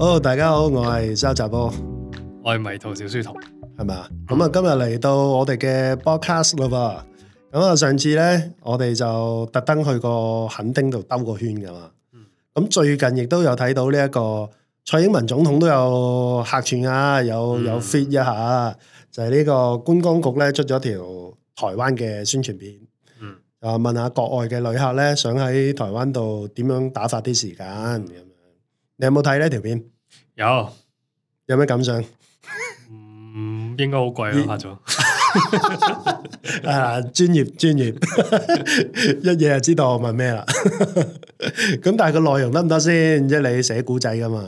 好，Hello, 大家好，我係周澤波，我係迷途小書童，係咪啊？咁啊、嗯，今日嚟到我哋嘅 broadcast 啦噃。咁啊，上次咧，我哋就特登去個墾丁度兜個圈噶嘛。咁、嗯、最近亦都有睇到呢一個蔡英文總統都有客串啊，有有 fit 一下，嗯、就係呢個觀光局咧出咗條台灣嘅宣傳片。嗯，啊問下國外嘅旅客咧，想喺台灣度點樣打發啲時間？你有冇睇呢條片？有，有咩感想？嗯，應該好貴啊，拍咗。啊，專業專業，一嘢就知道我問咩啦。咁但係個內容得唔得先？即係你寫古仔噶嘛？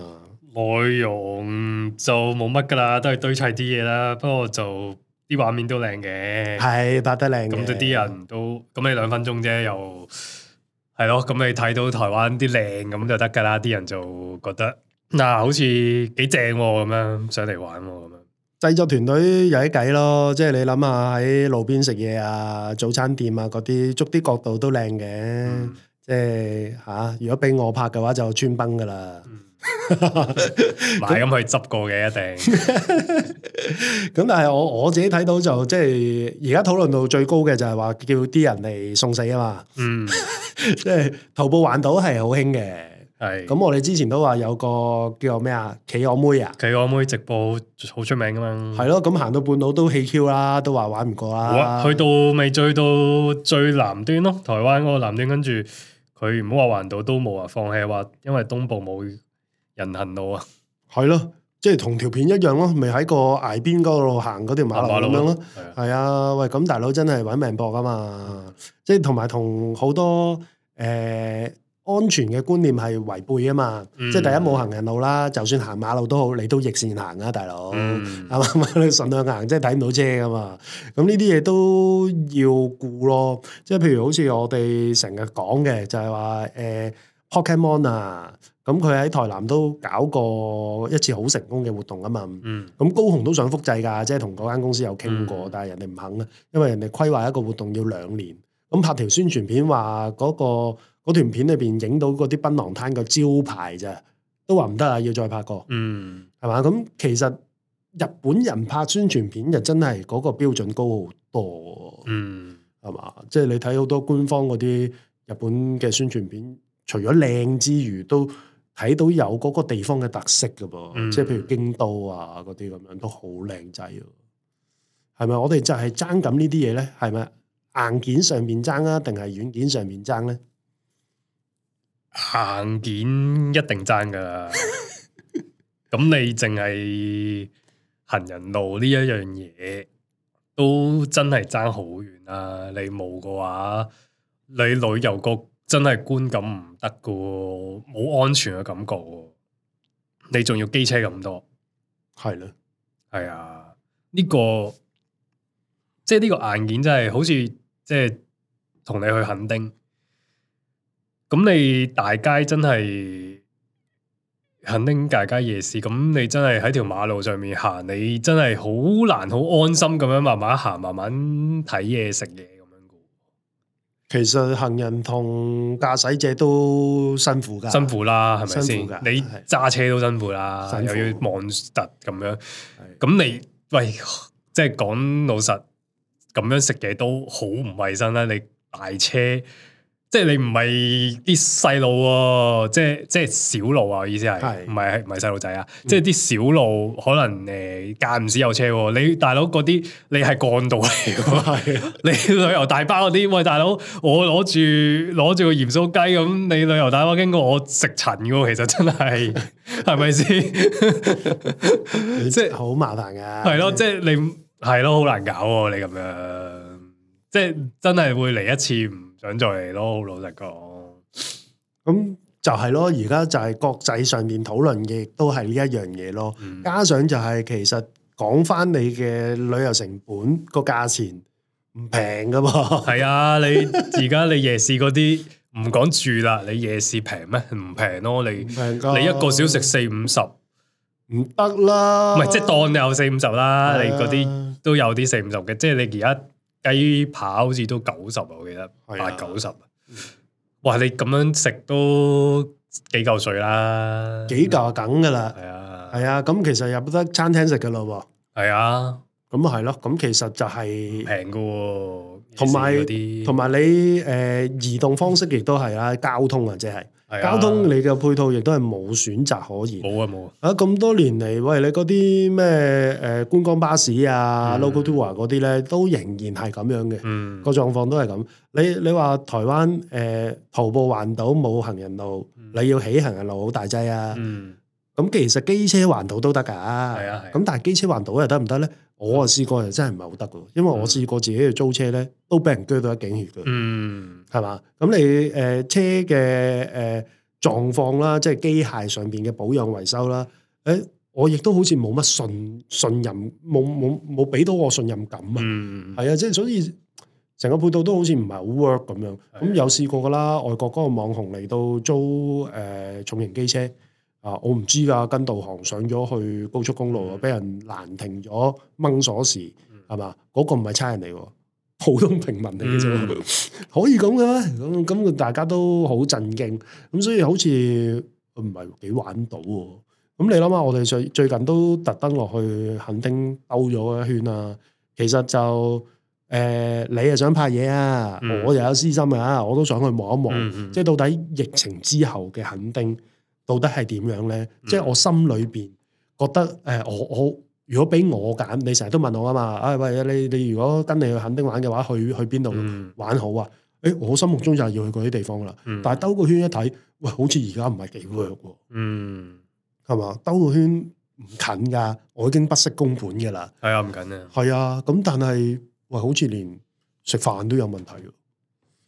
內容就冇乜噶啦，都係堆砌啲嘢啦。不過就啲畫面都靚嘅，係拍得靚。咁啲人都，咁你兩分鐘啫又。係咯，咁你睇到台灣啲靚咁就得㗎啦，啲人就覺得嗱、啊，好似幾正咁樣上嚟玩喎咁樣。製作團隊有一計咯，即係你諗下喺路邊食嘢啊、早餐店啊嗰啲，捉啲角度都靚嘅，嗯、即係嚇、啊。如果俾我拍嘅話就，就穿崩㗎啦。買咁 去執過嘅一定，咁 但係我我自己睇到就即係而家討論到最高嘅就係話叫啲人嚟送死啊嘛，嗯， 即係徒步環島係好興嘅係咁我哋之前都話有個叫咩啊企鵝妹啊，企鵝妹直播好出名啊嘛、 嗯，係咯，咁行到半路都氣 Q 啦，都話玩唔過啦，去到未追到最南端咯，台灣嗰個南端跟住佢唔好話環島都冇啊，放棄話因為東部冇。人行路啊，係咯，即係同條片一樣咯，咪喺個崖邊嗰度行嗰條馬路咁樣咯，係啊，喂，咁大佬真係搵命搏啊嘛，即係同埋同好多誒安全嘅觀念係違背啊嘛，即係第一冇行人路啦，就算行馬路都好，你都逆線行啊，大佬，係咪？你順向行，即係睇唔到車噶嘛，咁呢啲嘢都要顧咯，即係譬如好似我哋成日講嘅，就係話誒 Pokemon 啊。咁佢喺台南都搞過一次好成功嘅活動啊嘛，咁、嗯、高雄都想複製噶，即係同嗰間公司有傾過，嗯、但係人哋唔肯啦，因為人哋規劃一個活動要兩年，咁拍條宣傳片話嗰，嗰個嗰段片裏邊影到嗰啲檳榔攤嘅招牌咋，都話唔得啊，要再拍過，係嘛，嗯。咁其實日本人拍宣傳片就真係嗰個標準高好多，係嘛，嗯。即係、就是、你睇好多官方嗰啲日本嘅宣傳片除，除咗靚之餘都。睇到有嗰個地方嘅特色噶噃，即係、嗯、譬如京都啊嗰啲咁樣都好靚仔，係咪？我哋就係爭緊呢啲嘢咧，係咪？硬件上面爭啊，定係軟件上面爭咧？硬件一定爭噶啦，咁 你淨係行人路呢一樣嘢都真係爭好遠啦！你冇嘅話，你旅遊局。真係觀感唔得噶，冇安全嘅感覺。你仲要機車咁多，係咯呢，係啊、哎。呢、這個即係呢個硬件真係好似即係同你去墾丁。咁你大街真係墾丁，大街夜市，咁你真係喺條馬路上面行，你真係好難好安心咁樣慢慢行，慢慢睇嘢食嘢。其實行人同駕駛者都辛苦噶，辛苦啦，係咪先？你揸車都辛苦啦，又對要望實咁樣。咁你對喂，即係講老實，咁樣食嘢都好唔衞生啦。你大車。即係你唔係啲細路，即係即係小路啊！意思係，唔係唔係細路仔啊？是的 即係啲小路可能誒，間唔時有車。你大佬嗰啲，你係幹道嚟，你旅遊大巴嗰啲，喂、哎、大佬，我攞住攞住個鹽酥雞咁，你旅遊大巴經過我食塵噶，其實真係係咪先？即 rian 係 好麻煩噶、啊， 係咯，即係你係咯，好難搞，你咁樣，即係真係會嚟一次唔。想再嚟咯，好老實講，咁就係咯，而家就係國際上面討論嘅，都係呢一樣嘢咯。加上就係其實講翻你嘅旅遊成本個價錢唔平噶嘛，係啊，你而家你夜市嗰啲唔講住啦，你夜市平咩？唔平咯，你你一個小食四五十，唔得啦，唔係即係當你有四五十啦，你嗰啲都有啲四五十嘅，即係你而家。雞排好似都九十啊，我記得係啊，八九十。哇，你咁樣食都幾嚿水啦，幾嚿梗噶啦。係啊，係啊，咁其實入得餐廳食噶咯。係啊，咁係咯，咁其實就係平噶，同埋同埋你誒、呃、移動方式亦都係啦，就是、交通啊，即係。交通你嘅配套亦都係冇選擇可言，冇啊冇啊！啊咁、啊、多年嚟，喂，你嗰啲咩誒觀光巴士啊、嗯、local tour 嗰啲咧，都仍然係咁樣嘅，嗯、個狀況都係咁。你你話台灣誒、呃、徒步環島冇行人路，嗯、你要起行人路好大劑啊！咁、嗯嗯、其實機車環島都得㗎，咁、嗯、但係機車環島又得唔得咧？我啊試過就真係唔係好得嘅，因為我試過自己去租車咧，都俾人鋸到一頸血嘅，係嘛、嗯？咁你誒、呃、車嘅誒、呃、狀況啦，即係機械上邊嘅保養維修啦，誒、欸、我亦都好似冇乜信信任，冇冇冇俾到我信任感、嗯、啊，係啊，即係所以成個配套都好似唔係好 work 咁樣。咁、嗯、有試過嘅啦，外國嗰個網紅嚟到租誒、呃、重型機車。啊！我唔知噶，跟導航上咗去高速公路，俾、嗯、人攔停咗掹鎖匙，係嘛、嗯？嗰、那個唔係差人嚟，普通平民嚟嘅啫，嗯、 可以咁嘅咩？咁咁，大家都好震驚，咁所以好似唔係幾玩到喎。咁你諗下，我哋最最近都特登落去墾丁兜咗一圈啊。其實就誒、呃，你係想拍嘢啊，嗯、我又有私心啊，我都想去望一望，嗯嗯、即係到底疫情之後嘅墾丁。到底係點樣咧？即係、嗯、我心裏邊覺得誒、欸，我我如果俾我揀，你成日都問我啊嘛。啊、哎、喂，你你如果跟你去墾丁玩嘅話，去去邊度玩好啊？誒、嗯欸，我心目中就係要去嗰啲地方啦。嗯、但係兜個圈一睇，喂，好似而家唔係幾 work。嗯，係嘛？兜個圈唔近噶，我已經不惜工本噶啦。係啊，唔近啊。係啊，咁但係喂，好似連食飯都有問題。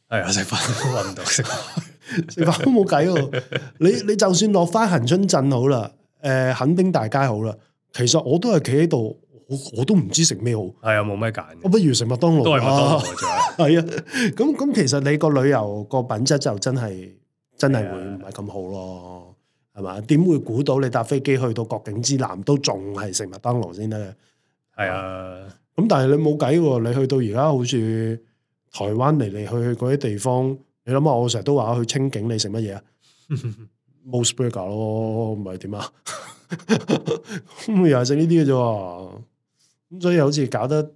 係啊，食飯都揾唔到食飯。食飯都冇計， 你你就算落翻恒春鎮好啦，誒墾丁大街好啦，其實我都係企喺度，我我都唔知食咩好，係啊，冇咩揀，我不如食麥當勞啦，係 啊，咁咁 其實你個旅遊個品質就真係真係會唔係咁好咯，係嘛的？點會估到你搭飛機去到國境之南都仲係食麥當勞先得咧？係、嗯、的啊，咁但係你冇計，你去到而家好似台灣嚟嚟去去嗰啲地方。你諗下，我成日都話去清境，你食乜嘢啊？MOS Burger 咯，唔係點啊？咁又係食呢啲嘅啫。咁所以好似搞得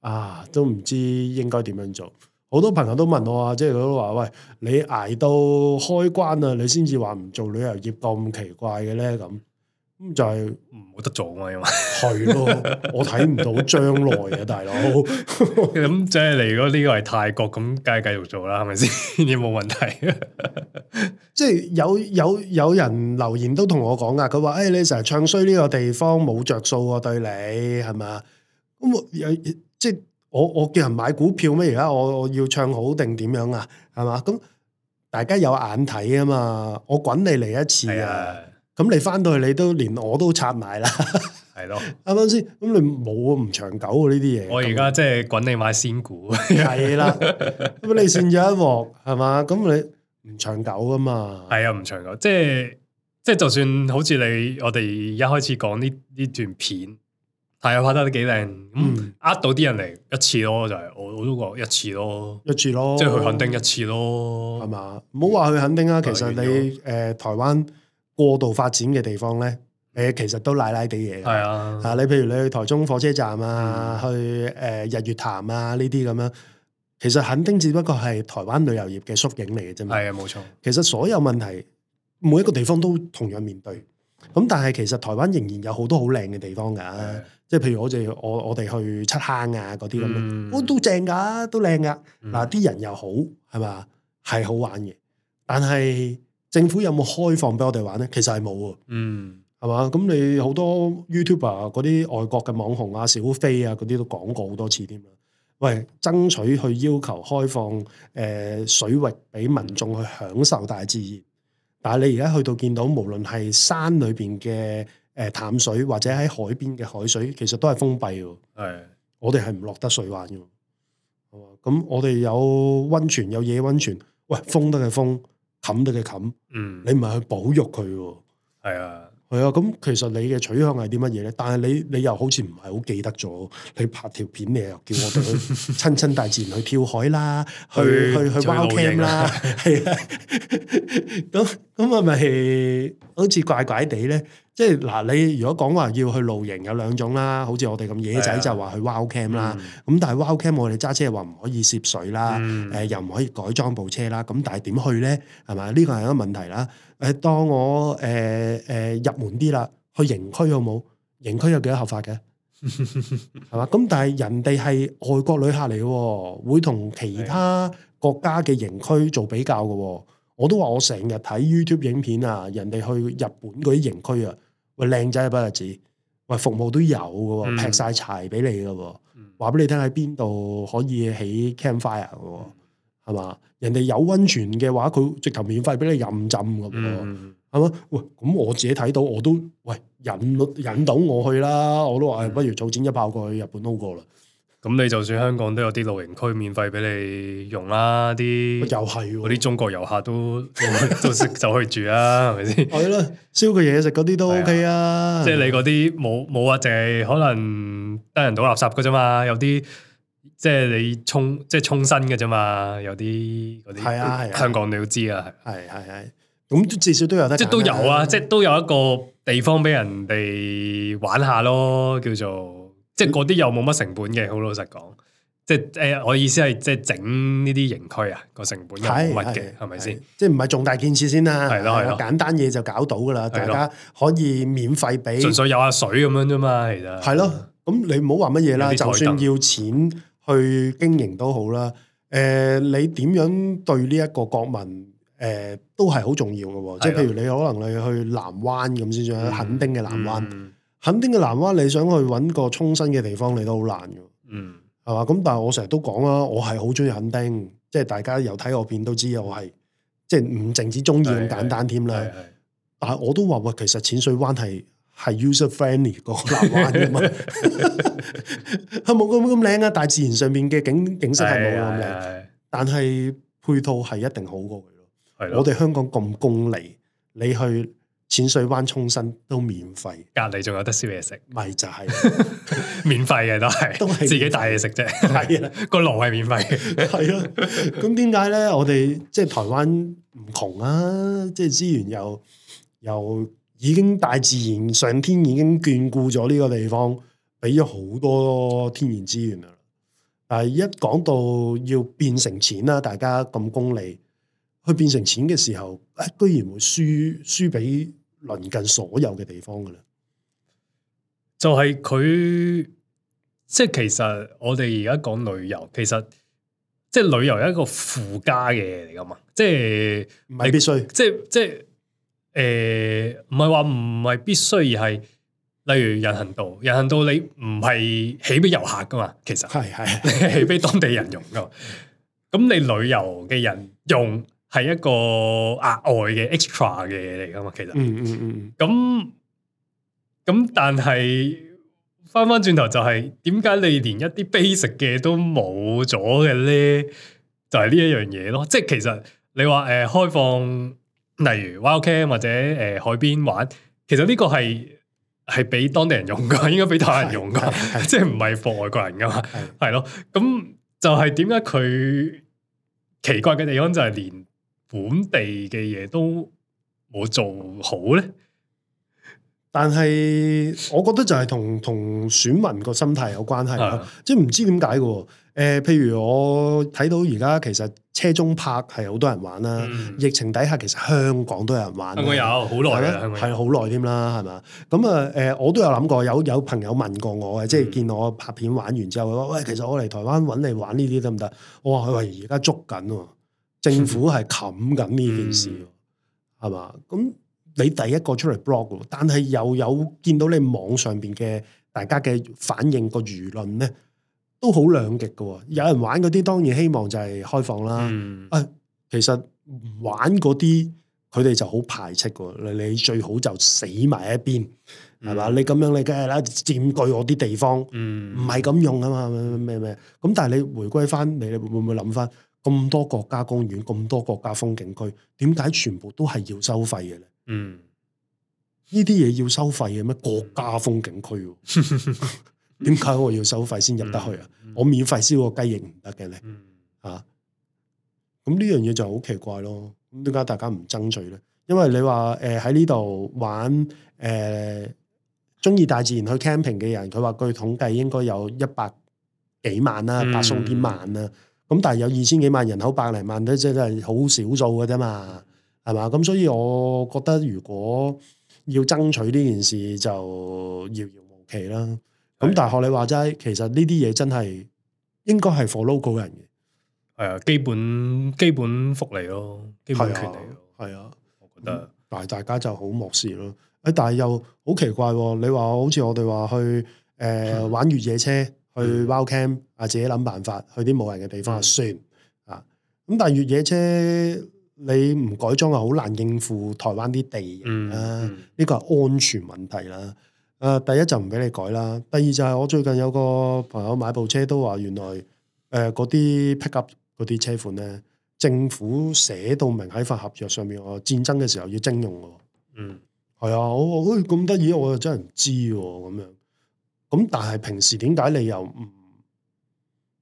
啊，都唔知應該點樣做。好多朋友都問我啊，即係佢都話喂，你挨到開關啦，你先至話唔做旅遊業咁奇怪嘅咧咁。咁就係冇得做啊嘛，係咯的， 我睇唔到將來啊，大佬。咁 即係嚟，如果呢個係泰國咁，梗係繼續做啦，係咪先？有冇問題。即係有有有人留言都同我講啊，佢話誒，你成日唱衰呢個地方冇着數啊，對你係嘛？咁啊，即係我我叫人買股票咩？而家我我要唱好定點樣啊？係嘛？咁大家有眼睇啊嘛，我滾你嚟一次啊！咁你翻到去你都連我都拆埋啦，係咯啱啱先？咁你冇唔長久嘅呢啲嘢。我而家即係滾你買仙股，係啦，咁你算咗一鑊，係嘛？咁你唔長久噶嘛？係啊，唔長久，即係、嗯、即係，就算好似你我哋一開始講呢呢段片，係啊，拍得都幾靚，嗯，呃到啲人嚟，一次咯，就係我都講一次咯，一次咯，即係去肯定一次咯，係嘛？唔好話去肯定啊，其實你誒，原來台灣。過度發展嘅地方咧，誒，其實都奶奶地嘢。係啊，啊，你譬如你去台中火車站啊，嗯、去誒、呃、日月潭啊，呢啲咁樣，其實肯定只不過係台灣旅遊業嘅縮影嚟嘅啫嘛。係啊，冇錯。其實所有問題，每一個地方都同樣面對。咁但係其實台灣仍然有好多好靚嘅地方噶，即係譬如我哋我我哋去七坑啊嗰啲咁，都都正噶，都靚噶。嗱、嗯，啲、嗯、人又好，係嘛，係好玩嘅。但係。政府有冇開放俾我哋玩呢？其實係冇喎，嗯，係嘛？咁你好多 YouTuber 嗰啲外國嘅網紅啊、小飛啊嗰啲都講過好多次添啦。喂，爭取去要求開放誒、呃、水域俾民眾去享受大自然，嗯、但係你而家去到見到，無論係山裏邊嘅誒淡水，或者喺海邊嘅海水，其實都係封閉喎。的我哋係唔落得水玩嘅。咁我哋有溫泉，有野溫泉。喂，封得嘅封。冚到佢冚，嗯，你唔係去保育佢，係啊。係啊，咁、嗯、其實你嘅取向係啲乜嘢咧？但係你你又好似唔係好記得咗，你拍條片你又叫我哋去親親大自然，去跳海 Cam 啦，去去去 wild cam 啦，係啊，咁咁係咪好似怪怪地咧。即係嗱，你如果講話要去露營，有兩種啦。好似我哋咁野仔是、啊、就話去 wild cam 啦。咁但係 wild cam 我哋揸車話唔可以涉水啦，誒、嗯、又唔可以改裝部車啦。咁但係點去咧？係咪？呢、呢個係一個問題啦。誒當我誒誒、呃呃、入門啲啦，去營區好冇？營區有幾多合法嘅？係嘛？ 咁但係人哋係外國旅客嚟喎，會同其他國家嘅營區做比較嘅。嗯、我都話我成日睇 YouTube 影片啊，人哋去日本嗰啲營區啊，喂靚仔不日子，喂服務都有嘅，劈晒柴俾你嘅，話俾你聽喺邊度可以起 campfire 嘅。係嘛？人哋有溫泉嘅話，佢直頭免費俾你任浸咁。係嘛、嗯？喂，咁我自己睇到，我都喂引引到我去啦。我都話不如早錢一炮過去，去日本撈過啦。咁你就算香港都有啲露營區免費俾你用啦，啊、啲、啊、又係嗰啲中國遊客都 都識走去住啊，係咪先？係啦，燒個嘢食嗰啲都的 OK 啊。即係你嗰啲冇冇話淨係可能得人倒垃圾噶啫嘛，有啲。即係你充，即係沖身嘅啫嘛，有啲啲，係啊係啊，香港你都知啊，係係係，咁至少都有得，即係都有啊，即係都有一個地方俾人哋玩下咯，叫做即係嗰啲又冇乜成本嘅，好老實講，即係誒，我意思係即係整呢啲營區啊，個成本又唔係乜嘅，係咪先？即係唔係重大建設先啦，係咯係咯，簡單嘢就搞到㗎啦，大家可以免費俾，純粹有下水咁樣啫嘛，其實係咯，咁你唔好話乜嘢啦，就算要錢。去經營都好啦，誒、呃，你點樣對呢一個國民誒、呃、都係好重要嘅喎，的即係譬如你可能你去南灣咁先，嗯、想墾丁嘅南灣，墾、嗯、丁嘅南灣你想去揾個沖身嘅地方，你都好難嘅，嗯，係嘛？咁但係我成日都講啦，我係好中意墾丁，即係大家有睇我片都知我係，即係唔淨止中意咁簡單添啦。但係我都話喂，其實淺水灣係。係 user friendly 嗰個南灣嘅嘛，係冇咁咁靚啊！大自然上面嘅景景色係冇咁靚， 的但係配套係一定好過佢咯。的我哋香港咁功利，你去淺水灣沖身都免費，隔離仲有得燒嘢食，咪就係 免費嘅都係，都係自己帶嘢食啫。係啊，個爐係免費。係咯，咁點解咧？我哋即係台灣唔窮啊，即係資源又又。已經大自然、上天已經眷顧咗呢個地方，俾咗好多天然資源啦。但係一講到要變成錢啦，大家咁功利，去變成錢嘅時候，誒、哎，居然會輸輸俾鄰近所有嘅地方噶啦。就係佢，即係其實我哋而家講旅遊，其實即係旅遊係一個附加嘅嘢嚟噶嘛，即係唔係必須，即係即係。即誒，唔係話唔係必須，而係，例如人行道，人行道你唔係起俾遊客噶嘛，其實係係 起俾當地人用噶。咁 你旅遊嘅人用係一個額外嘅 extra 嘅嘢嚟噶嘛，其實嗯嗯嗯。咁咁，但係翻翻轉頭就係、是，點解你連一啲 basic 嘅都冇咗嘅咧？就係呢一樣嘢咯。即係其實你話誒、呃，開放。例如 Wildcam 或者誒、呃、海邊玩，其實呢個係係俾當地人用噶，應該俾泰人用噶， 即係唔係放外國人噶嘛，係咯是？咁的就係點解佢奇怪嘅地方就係連本地嘅嘢都冇做好咧？但係，我覺得就係同同選民個心態有關係是的 即係唔知點解嘅。誒、呃，譬如我睇到而家其實車中泊係好多人玩啦。嗯、疫情底下其實香港都有人玩。香港有好耐啦，係好耐添啦，係嘛的？咁啊誒，我都有諗過，有有朋友問過我嘅，即係見我拍片玩完之後，佢話：喂，其實我嚟台灣揾你玩呢啲得唔得？我話：喂，而家捉緊喎，政府係冚緊呢件事，係嘛、嗯嗯？咁。你第一個出嚟 blog，但係又有見到你網上邊嘅大家嘅反應個輿論咧，都好兩極嘅、哦。有人玩嗰啲當然希望就係開放啦。啊、嗯哎，其實玩嗰啲佢哋就好排斥嘅。你最好就死埋一邊，係嘛、嗯？你咁樣你梗係啦，佔據我啲地方，唔係咁用啊嘛咩咩咩咁。但係你回歸翻，你會唔會諗翻咁多國家公園、咁多國家風景區，點解全部都係要收費嘅咧？嗯，呢啲嘢要收費嘅咩？國家風景區，啊，點 解我要收費先入得去啊？我免費燒個雞翼唔得嘅咧，吓。咁呢樣嘢就好奇怪咯。咁點解大家唔爭取咧？因為你話誒喺呢度玩誒、呃，中意大自然去 camping 嘅人，佢話據統計應該有一百幾萬啦，嗯、百數幾萬啦。咁但係有二千幾萬人口百零萬都即係好少數嘅啫嘛。.係嘛？咁所以我覺得如果要爭取呢件事就遙遙無期啦。咁、啊、但係學你話齋，其實呢啲嘢真係應該係 for local 人嘅。係啊，基本基本福利咯、哦，基本權利咯、哦。係啊，啊我覺得，但係大家就好漠視咯。誒，但係又好奇怪、哦，你話好似我哋話去誒、呃、玩越野車去 wild camp 去啊，自己諗辦法去啲冇人嘅地方算啊。咁但係越野車。你唔改裝啊，好難應付台灣啲地啊！呢個係安全問題啦。誒、呃，第一就唔俾你改啦。第二就係我最近有個朋友買部車都話，原來誒嗰啲 pickup 嗰啲車款咧，政府寫到明喺份合約上面，呃、戰爭嘅時候要徵用㗎。嗯，係啊，我我咁得意，我又真係唔知咁、啊、樣。咁但係平時點解你又唔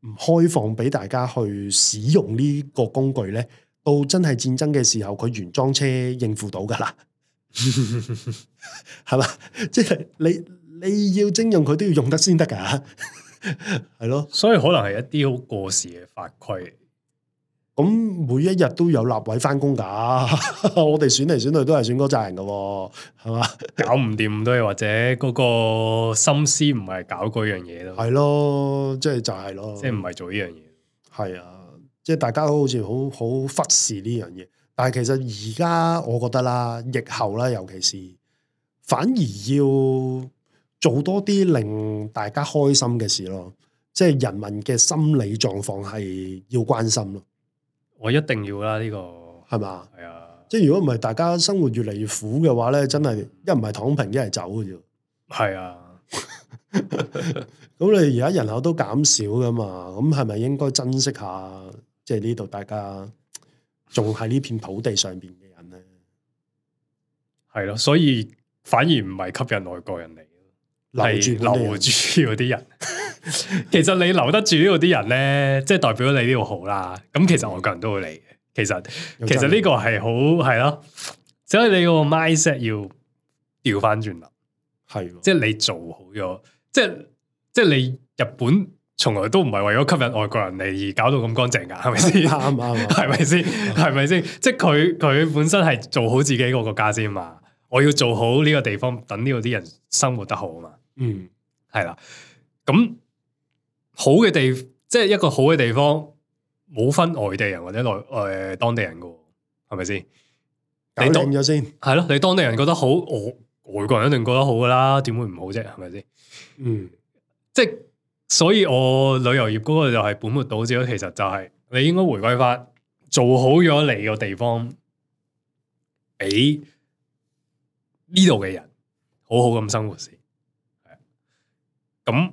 唔開放俾大家去使用呢個工具咧？到真係戰爭嘅時候，佢原裝車應付到噶啦，係嘛？ 即係你你要徵用佢都要用得先得噶，係 咯吧？所以可能係一啲好過時嘅法規。咁 每一日都有立位翻工噶， 我哋選嚟選去都係選嗰扎人噶喎，係嘛？ 搞唔掂都係，或者嗰個心思唔係搞嗰樣嘢咯。係咯， 即係就係、是、咯，即係唔係做呢樣嘢。係啊。即係大家好好似好好忽視呢樣嘢，但係其實而家我覺得啦，疫後啦，尤其是反而要做多啲令大家開心嘅事咯。即係人民嘅心理狀況係要關心咯。我一定要啦，呢個係嘛？係吧啊。即係如果唔係，大家生活越嚟越苦嘅話咧，真係一唔係躺平，一係走嘅啫。係是啊。咁 你而家人口都減少噶嘛？咁係咪應該珍惜下？即係呢度，大家仲喺呢片土地上邊嘅人咧，係咯，所以反而唔係吸引外國人嚟，留住留住啲人。 其實你留得住呢度啲人咧，即係代表你呢度好啦。咁其實外國人都會嚟嘅。其實、嗯、其實呢個係好係咯，所以你個 mindset 要調翻轉啦。係的，即係你做好咗，即係即係你日本。從來都唔係為咗吸引外國人嚟而搞到咁乾淨噶係咪先？啱啱， 係咪先？係咪先？即係佢佢本身係做好自己嗰個國家先嘛？我要做好呢個地方，等呢度啲人生活得好嘛？嗯，係啦。咁好嘅地，即係一個好嘅地方，冇分外地人或者內誒、呃、當地人噶，係咪先你？你定咗先係咯？你當地人覺得好，我外國人一定覺得好噶啦，點會唔好啫？係咪先？嗯，即係。所以我旅遊業嗰個就係本末倒置咯，其實就係你應該回歸返做好咗你個地方，俾呢度嘅人好好咁生活先，咁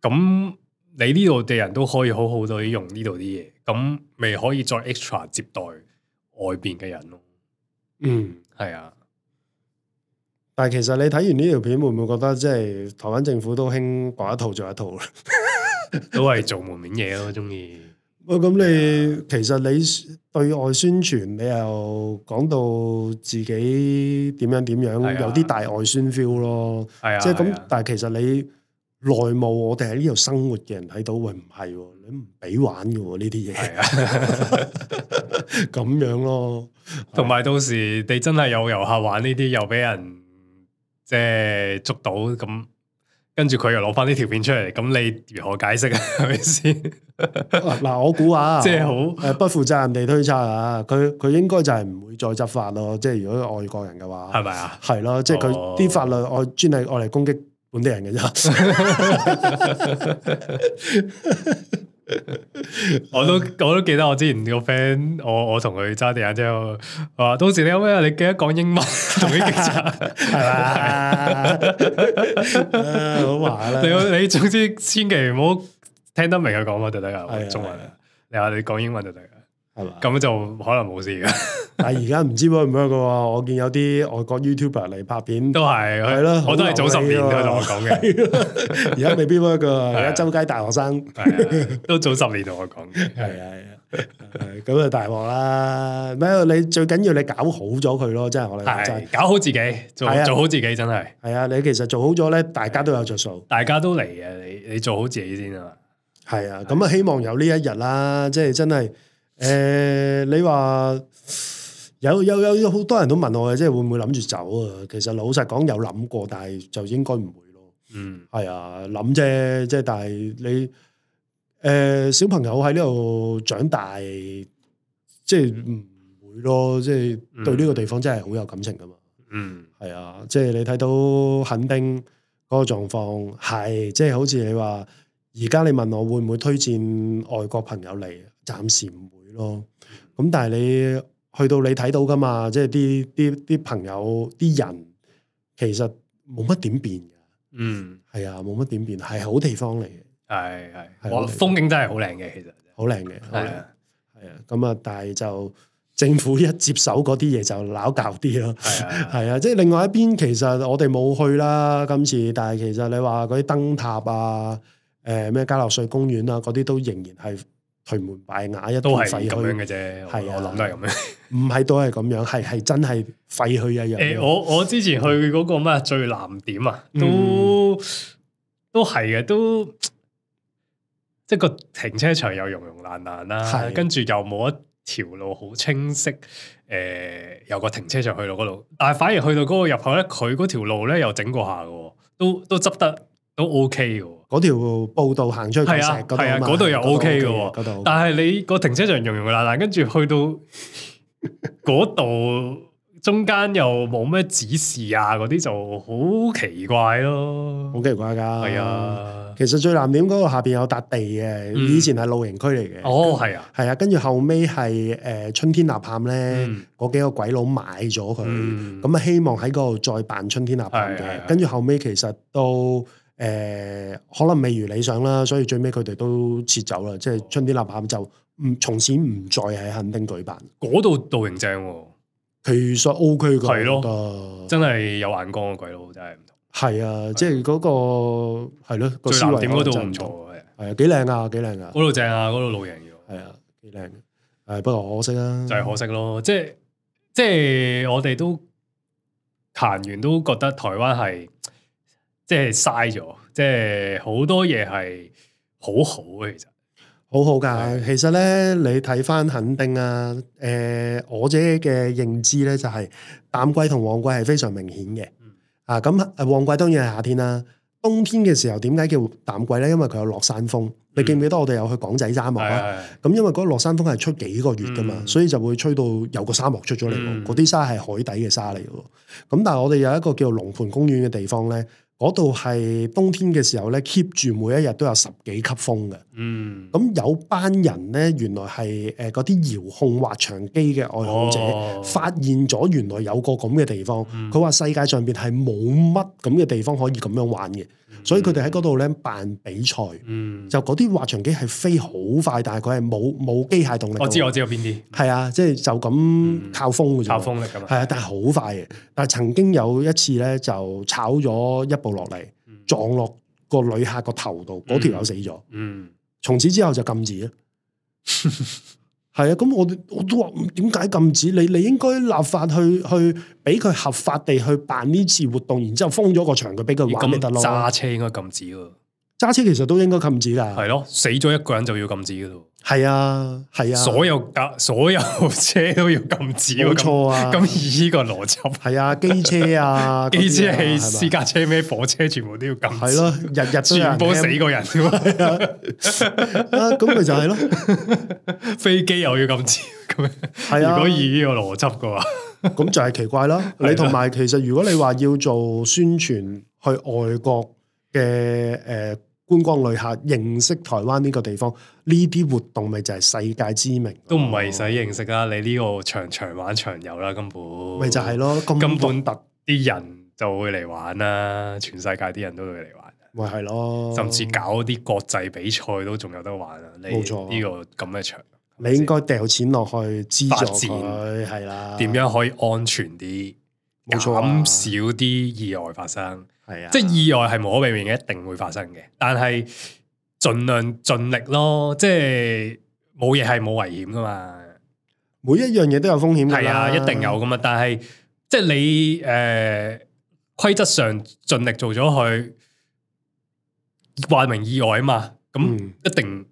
咁你呢度嘅人都可以好好地用呢度啲嘢，咁咪可以再 extra 接待外邊嘅人咯，嗯、mm,，係啊。但係其實你睇完呢條片，會唔會覺得即係台灣政府都興講一套做一套 ，都係做門面嘢咯，中意。哦，咁你其實你對外宣傳，你又講到自己點樣點樣，有啲大外宣 feel 咯 yes. Yes. Yes.、嗯。係啊。即係咁，但係其實你內務，我哋喺呢度生活嘅人睇到，喂唔係，你唔俾玩嘅呢啲嘢。係啊。咁樣咯。同埋到時你真係有遊客玩呢啲，又俾人。即係捉到咁，跟住佢又攞翻呢條片出嚟，咁你如何解釋啊？係咪先？嗱，我估下，即係好誒，不負責任地推測啊，佢佢應該就係唔會再執法咯。即係如果外國人嘅話，係咪啊？係咯，即係佢啲法律愛專係愛嚟攻擊本地人嘅啫。 我都我都記得我之前個 friend，我我同佢揸電話之後，話當時你有咩？你記得講英文同啲記者係嘛？你 你總之千祈唔好聽得明佢講乜就得噶，中文，yeah，你話你講英文就得噶。係咁就可能冇事嘅。但係而家唔知 work 唔 work 嘅。我見有啲外國 YouTuber 嚟拍片都係，係咯，我都係早十年同我講嘅。而家未必 work 嘅，而家周街大學生係都早十年同我講。係啊，咁啊大鑊啦！咩？你最緊要你搞好咗佢咯，真係我哋真係搞好自己，做做好自己真係。係啊，你其實做好咗咧，大家都有着數，大家都嚟嘅。你你做好自己先啊。係啊，咁啊，希望有呢一日啦，即係真係。誒、欸，你話有有有好多人都問我，即係會唔會諗住走啊？其實老實講，有諗過，但係就應該唔會咯。嗯，係啊，諗啫，即係但係你誒、欸，小朋友喺呢度長大，即係唔會咯。即係對呢個地方真係好有感情㗎嘛。嗯，係啊，即係你睇到墾丁嗰個狀況，係即係好似你話而家你問我會唔會推薦外國朋友嚟？暫時唔會。哦，咁但係你去到你睇到噶嘛，即係啲啲啲朋友啲人，其實冇乜點變嘅。嗯，係啊，冇乜點變，係好地方嚟嘅。係係，我風景真係好靚嘅，其實好靚嘅。好靚，係啊，咁啊，但係就政府一接手嗰啲嘢,就拗教啲咯。係是 啊，即係、啊啊、另外一邊，其實我哋冇去啦今次，但係其實你話嗰啲燈塔啊，誒、呃、咩佳樂水公園啊，嗰啲都仍然係。頹垣敗瓦，一都堆廢墟嘅啫，係我諗都係咁樣，唔係都係咁樣，係係真係廢墟一樣。誒，我我之前去嗰個咩對 最南點啊，都、嗯、都係嘅，都即係個停車場又融融爛爛啦，是啊、跟住又冇一條路好清晰，誒、呃，由個停車場去到嗰度，但係反而去到嗰個入口咧，佢嗰條路咧又整過下嘅，都都執得。都 OK 嘅，嗰條步道行出去嗰度又 OK 嘅，但係你個停車場用用啦，但跟住去到嗰度中間又冇咩指示啊，嗰啲就好奇怪咯，好奇怪噶，係啊，其實最南點嗰個下邊有笪地嘅，以前係露營區嚟嘅，哦係啊，係啊，跟住後尾係誒春天吶喊咧，嗰幾個鬼佬買咗佢，咁啊希望喺嗰度再辦春天吶喊嘅，跟住後尾其實都。誒，可能未如理想啦，所以最尾佢哋都撤走啦，即係春天吶喊就唔從此唔再喺墾丁舉辦，嗰度造型正，啊，其實 O K 噶，係咯的，真係有眼光嘅鬼佬，那個，真係唔同。係啊，即係嗰個係咯，最南點嗰度唔錯，係係幾靚啊，幾靚啊，嗰度正啊，嗰度露營要係啊，幾靚誒，不過可惜啊，就係可惜咯，即係即係我哋都行完都覺得台灣係。即係嘥咗，即係好多嘢係好好嘅，其實好好噶。是的 其實咧，你睇翻墾丁啊，誒、呃，我自己嘅認知咧就係、是、淡季同旺季係非常明顯嘅。嗯、啊，咁旺季當然係夏天啦、啊。冬天嘅時候點解叫淡季咧？因為佢有落山風。嗯、你記唔記得我哋有去港仔沙漠啊？咁、嗯、因為嗰落山風係出幾個月噶嘛，嗯、所以就會吹到有個沙漠出咗嚟，嗰啲、嗯、沙係海底嘅沙嚟嘅。咁但係我哋有一個叫做龍盤公園嘅地方咧。嗰度係冬天嘅時候咧，keep 住每一日都有十幾級風嘅。嗯，咁有班人咧，原來係誒嗰啲遙控滑翔機嘅愛好者，哦、發現咗原來有個咁嘅地方。佢話、嗯、世界上邊係冇乜咁嘅地方可以咁樣玩嘅。所以佢哋喺嗰度咧辦比賽，嗯、就嗰啲滑翔機係飛好快，但係佢係冇冇機械動力嘅。我知我知有邊啲，係啊，即係就咁、係、靠風嘅、嗯、靠風力㗎嘛。係啊，但係好快嘅。但係曾經有一次咧，就炒咗一步落嚟，撞落個旅客個頭度，嗰條友死咗。嗯，嗯，從此之後就禁止啦。 係啊，咁我哋，我都話點解禁止？你你應該立法去去俾佢合法地去辦呢次活動，然之後封咗個場，佢俾佢玩咪得咯。揸車應該禁止噶，揸車其實都應該禁止噶。係咯，死咗一個人就要禁止噶咯。係啊，係啊，所有架所有車都要禁止，冇錯啊。咁以呢個邏輯，係啊，機車啊，機車係私家車咩？火車全部都要禁，係咯，日日全部死過人添啊！咁咪就係咯，飛機又要禁止，係啊。如果以呢個邏輯嘅話，咁就係奇怪啦。你同埋其實，如果你話要做宣傳去外國嘅誒。觀光旅客認識台灣呢個地方，呢啲活動咪就係世界知名。都唔係使認識啊！你呢個場場玩場遊啦，根本咪就係咯，根本，根本特啲人就會嚟玩啦。全世界啲人都會嚟玩，咪係咯。甚至搞啲國際比賽都仲有得玩啊！你冇錯，呢個咁嘅場，你應該掉錢落去支助佢，係啦。點樣可以安全啲，冇錯啊，減少啲意外發生？係啊，即係意外係無可避免嘅，一定會發生嘅。但係盡量盡力咯，即係冇嘢係冇危險噶嘛。每一樣嘢都有風險係啊，一定有噶嘛。但係即係你誒規則上盡力做咗去，話明意外啊嘛。咁一定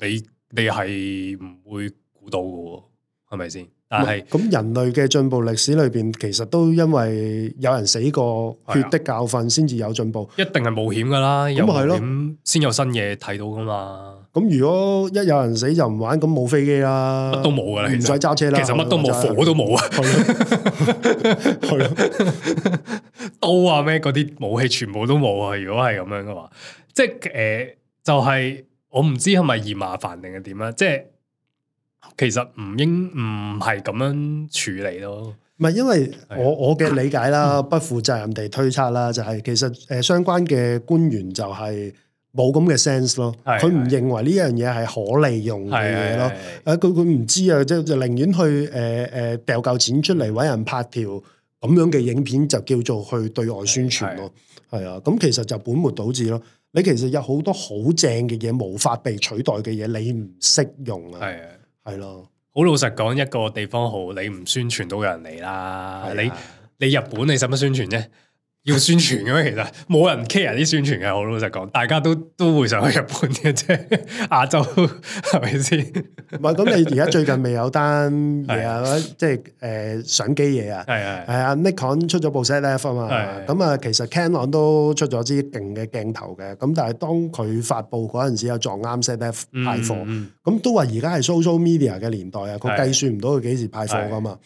你你係唔會估到嘅，係咪先？但係咁，人類嘅進步歷史裏邊，其實都因為有人死過血的教訓，先至有進步。一定係冒險噶啦，因為係咯，先有新嘢睇到噶嘛。咁如果一有人死就唔玩，咁冇飛機啦，乜都冇噶啦，唔使揸車啦，其實乜都冇，火都冇啊，刀啊咩嗰啲武器全部都冇啊。如果係咁樣嘅話，即係，誒，就係我唔知係咪嫌麻煩定係點啦，即係。其實唔應唔係咁樣處理咯，唔係因為我我嘅理解啦，的不負責任地推測啦，就係、是、其實誒相關嘅官員就係冇咁嘅 sense 咯，佢唔的認為呢樣嘢係可利用嘅嘢咯，誒佢佢唔知啊，即係寧願去誒誒、呃、掉嚿錢出嚟，揾人拍條咁樣嘅影片就叫做去對外宣傳咯，係啊，咁其實就本末倒置咯，你其實有好多好正嘅嘢，無法被取代嘅嘢，你唔識用啊。係咯，好老實講，一個地方好，你唔宣傳都有人嚟啦。的你你日本你使乜宣傳啫？要宣傳嘅咩？其實冇人 care 啲宣傳嘅，好老實講，大家都都會想去日本嘅啫、啊。亞洲係咪先？唔係咁， 你而家最近未有單嘢啊？即係誒相機嘢啊？係係啊，Nikon 出咗部 Zf 嘛？係咁啊，其實 Canon 都出咗支勁嘅鏡頭嘅。咁但係當佢發布嗰陣時有，撞啱 Zf 派貨，咁、嗯嗯、都話而家係 social media 嘅年代啊，佢計算唔到佢幾時派貨㗎嘛。的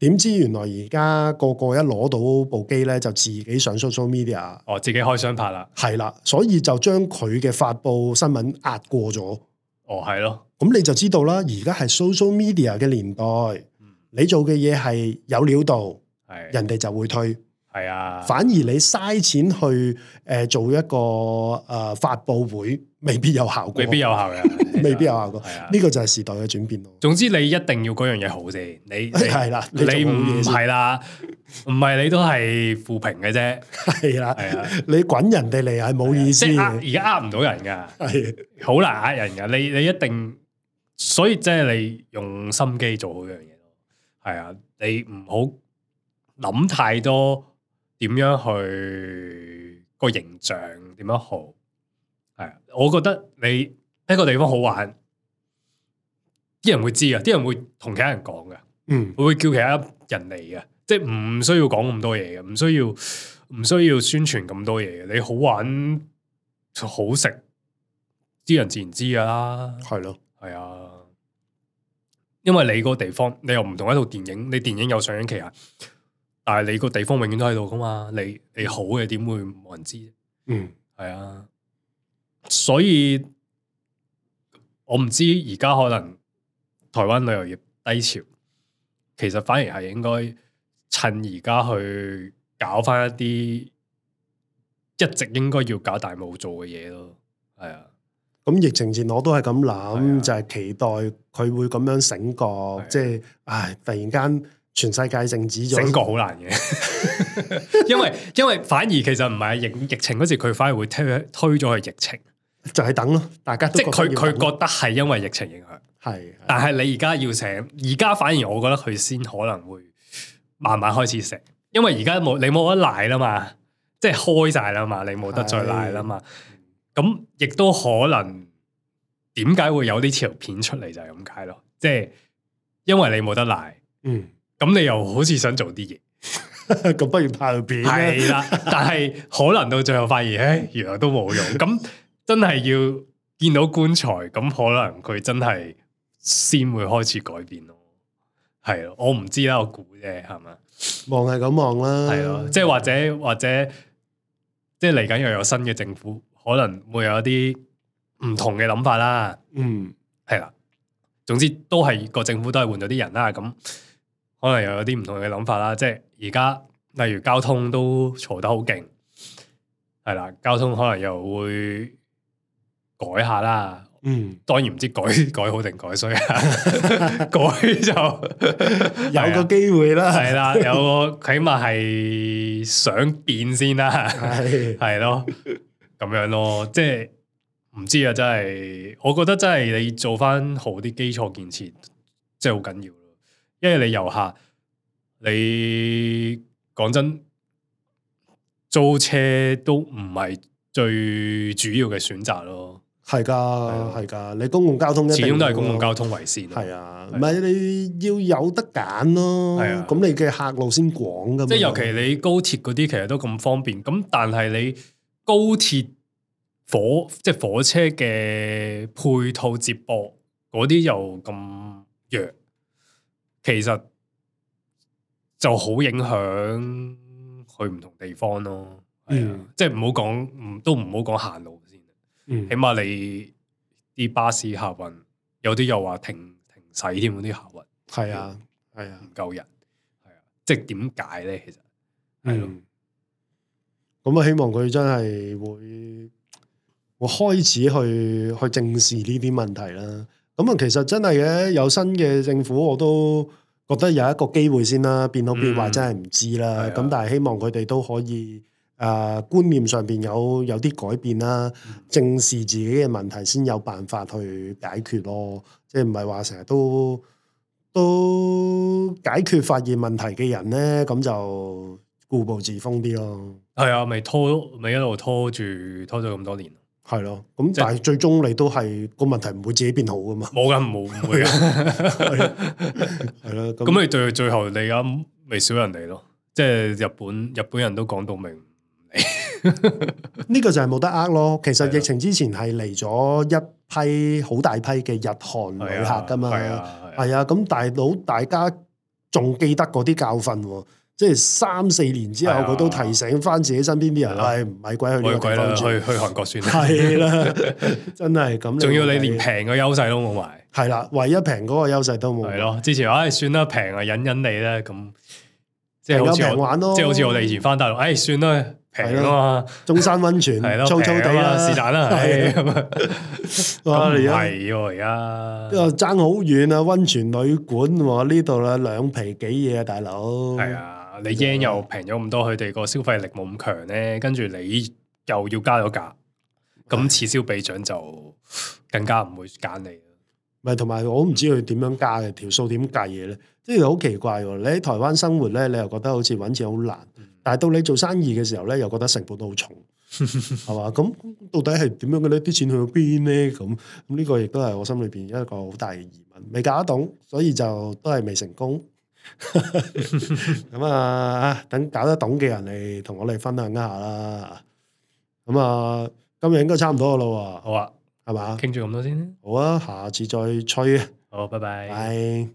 點知原來而家個個一攞到部機咧，就自己上 social media。哦，自己開箱拍啦。係啦，所以就將佢嘅發佈新聞壓過咗。哦，係咯。咁你就知道啦，而家係 social media 嘅年代，嗯、你做嘅嘢係有料到，係的人哋就會推。係啊，反而你嘥錢去誒做一個誒發布會，未必有效果，未必有效嘅，未必有效果。係啊，呢個就係時代嘅轉變咯。總之你一定要嗰樣嘢好先，你係啦，你唔係啦，唔係你都係負評嘅啫。係啦，係啦，你滾人哋嚟係冇意思，而家呃唔到人噶，係好難呃人噶。你你一定，所以即係你用心機做好樣嘢咯。係啊，你唔好諗太多。點樣去個形象點樣好？係，我覺得你一個地方好玩，啲人會知啊，啲人會同其他人講嘅，嗯，會叫其他人嚟嘅，即係唔需要講咁多嘢嘅，唔需要唔需要宣傳咁多嘢嘅，你好玩好食，啲人自然知噶啦，係咯是的，係啊，因為你個地方你又唔同一套電影，你電影有上映期啊。但係你個地方永遠都喺度噶嘛？你你好嘅點會冇人知？嗯，係啊。所以我唔知而家可能台灣旅遊業低潮，其實反而係應該趁而家去搞翻一啲一直應該要搞大冇做嘅嘢咯。係啊。咁疫情前我都係咁諗，係啊，就係期待佢會咁樣醒覺，即係係，啊就是、唉突然間。全世界靜止咗，整個好難嘅， 因為 因為反而其實唔係疫疫情嗰時，佢反而會推推咗去疫情，就係等咯，大家即係佢佢覺得係因為疫情影響，係，但係你而家要成，而家反而我覺得佢先可能會慢慢開始食，因為而家冇你冇得賴啦嘛，即係開晒啦嘛，你冇得再賴啦嘛，咁亦都可能點解會有啲條片出嚟就係咁解咯，即係因為你冇得賴，嗯。咁你又好似想做啲嘢，咁不如拍下片啦的。係啦，但係可能到最後發現，誒， 原來都冇用。咁真係要見到棺材，咁可能佢真係先會開始改變咯。係咯，我唔知啦，我估啫，係咪？望係咁望啦。係咯，即係或者或者，即係嚟緊又有新嘅政府，可能會有一啲唔同嘅諗法啦。嗯，係啦。總之都係個政府都係換咗啲人啦。咁。可能又有啲唔同嘅諗法啦，即係而家，例如交通都嘈得好勁，係啦，交通可能又會改下啦。嗯，當然唔知改改好定改衰啊， 改就 的有個機會啦，係啦，有個起碼係想變先啦，係咯，咁樣咯，即係唔知啊，真係，我覺得真係你做翻好啲基礎建設，真係好緊要咯。因為你遊客，你講真，租車都唔係最主要嘅選擇咯。係噶，係噶，你公共交通始終都係公共交通為先。係啊，唔係你要有得揀咯。係啊，咁你嘅客路先廣噶。即係尤其你高鐵嗰啲，其實都咁方便。咁但係你高鐵火即係火車嘅配套接駁嗰啲又咁弱。其實就好影響去唔同地方咯，嗯、即係唔好講，都唔好講行路先，嗯、起碼你啲巴士客運有啲又話停停駛添，嗰啲客運係啊係啊，唔夠人，係啊，即係點解呢？其實係咯，咁啊、嗯的，我希望佢真係會我開始去去正視呢啲問題啦。咁啊，其實真係嘅，有新嘅政府，我都覺得有一個機會先啦，變到變壞真係唔知啦。咁、嗯、但係希望佢哋都可以，誒、呃，觀念上邊有有啲改變啦，嗯、正視自己嘅問題，先有辦法去解決咯。即係唔係話成日都都解決發現問題嘅人咧，咁就固步自封啲咯。係啊，咪拖咪一路拖住拖咗咁多年。係咯，咁但係最終你都係個問題唔會自己變好噶嘛？冇噶，冇唔會嘅，係咯。咁你對最後你而家未少人嚟咯，即係日本日本人都講到明呢個就係冇得呃咯。其實疫情之前係嚟咗一批好大批嘅日韓旅客噶嘛，係啊。係啊。咁大佬大家仲記得嗰啲教訓。即係三四年之後，佢都提醒翻自己身邊啲人，唉，唔係鬼去鬼啦，去去韓國算啦。係啦，真係咁。仲要你連平嘅優勢都冇埋。係啦，唯一平嗰個優勢都冇。係咯，之前話唉，算啦，平啊，忍忍你咧咁。即又有平玩咯，即係好似我哋以前翻大陸，唉，算啦，平啊嘛。中山溫泉係咯，粗粗哋，是但啦，係咁啊。而家，啊爭好遠啊，溫泉旅館喎，呢度啦兩皮幾嘢，大佬。係啊。你日圓又平咗咁多，佢哋個消費力冇咁強咧，跟住你又要加咗價，咁的此消彼長就更加唔會揀你。唔係，同埋我唔知佢點樣加嘅條數，點計嘢咧，即係好奇怪。你喺台灣生活咧，你又覺得好似揾錢好難，嗯、但係到你做生意嘅時候咧，又覺得成本都好重，係嘛？ 咁到底係點樣嘅呢？啲錢去到邊咧？咁咁呢個亦都係我心裏邊一個好大嘅疑問，未搞得懂，所以就都係未成功。咁啊、 嗯，等搞得懂嘅人嚟同我哋分享一下啦。咁、嗯、啊，今日應該差唔多咯。好啊，係嘛吧，傾住咁多先。好啊，下次再吹。好、啊，拜拜。係。